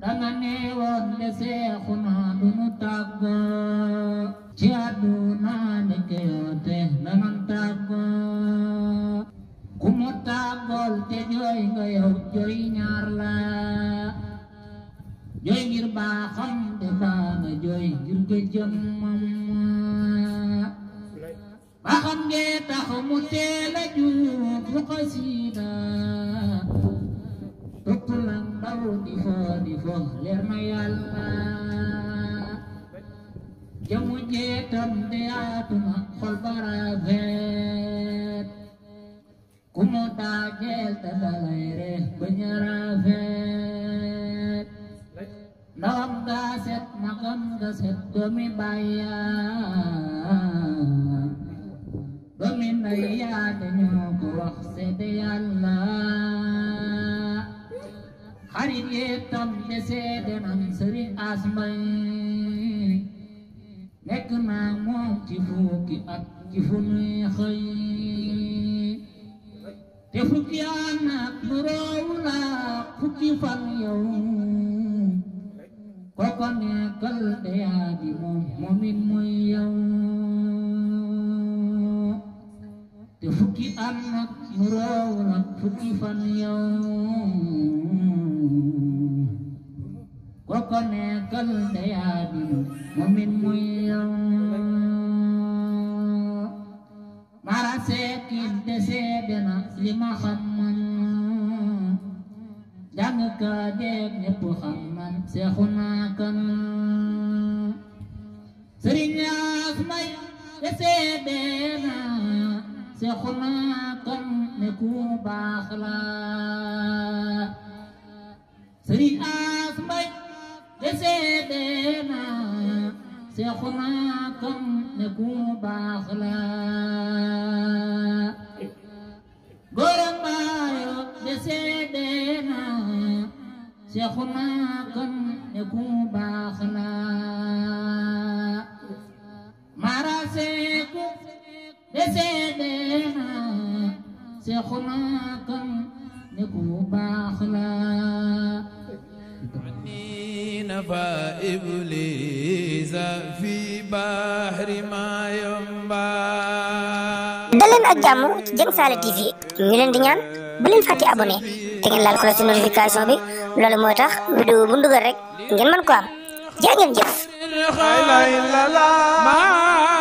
danga ne woon de seexu naa du nu tàggoo ci àdduna ni ke yoote nanan tàggoo ku mu tàggool te jooy nga yow jooy ñaar la jooy ngir baaxam de baa jooy ngir ga jëmmam baaxam ngee tax mu teel a juub fu moom leer na yàlla jamu jeetam de yaatuma xol ba rafet ku mu daajeel te dalay reex ba ñu rafet ndawam nga set doomi bàyyaam doomi ndey yaa te ñoo ko xaritam te seede nan sëriñ asmay nekk naa moom ci fukki at ci fu nuy xëy te fukki at nag lu roow laa fukki fan yow koko nekkal yaa di moom moomin muy yow te fukki at nag lu roow fan yow وقنع كالبيابل ومن ميام مرسيك الدسيدنا لما خمم دمك ديك نبو خمم سيخنا كن سرين أخمي دسيدنا سيخنا كن نكو باخلا سرين Seexuna kon ne ku baax la góoram baayo de seedeena Seexuna kon ne ku baax la mara seeku de seedeena Seexuna kon ne ku baax la نفى إبليس في بحر ما ينبع daleen ak jàmm ci Dieng Saala TV ñu leen di ñaan bu leen fàtte abonné te ngeen laal bi loolu mooy tax vidéo bu ndugal rek ngeen mën ko am jaa ngeen